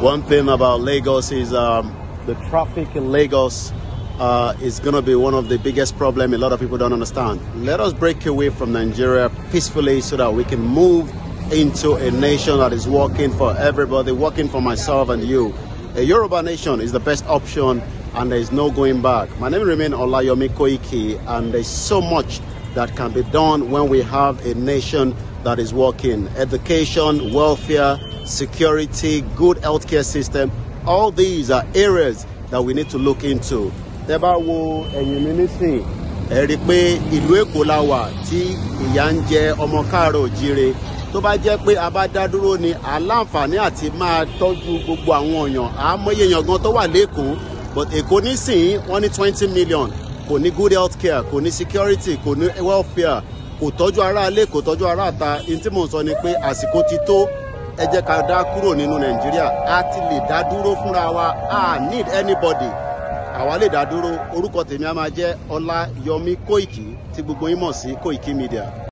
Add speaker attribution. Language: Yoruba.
Speaker 1: One thing about Lagos is um, the traffic in Lagos uh, is going to be one of the biggest problem a lot of people don't understand. Let us break away from Nigeria peacefully so that we can move into a nation that is working for everybody, working for myself and you. A Yoruba nation is the best option and there is no going back. My name remains Olayomi Koiki and there's so much that can be done when we have a nation that is working. Education, welfare, security, good healthcare system. All these are areas that we need to look into. Tẹ́ bá wo ẹ̀yìn mi nísìn, ẹ rí i pé ìlú Èkó la wà tí ìyà ń jẹ ọmọ káàárọ̀ òjíire. Tó bá jẹ́ pé a bá dá dúró ni aláǹfààní àti máa tọ́jú gbogbo àwọn èèyàn, àmọ́yé èèyàn gan tó wà lÉkòó. But Èkó nísìn wọ́n ní twenty million kò ní good healthcare kò ní security kò ní welfare kò tọ́jú aráalé kò tọ́jú aráàta ní tí mò ń sọ ni pé àsìkò ti tó ẹ jẹ́ ká dá kúrò nínú nàìjíríà a ti lè dá dúró fúnra wa a need anybody àwa lè dá dúró orúkọ tèmi a máa jẹ́ ọláyọmí kóìkì tí gbogbo yín mọ̀ sí kóìkì media.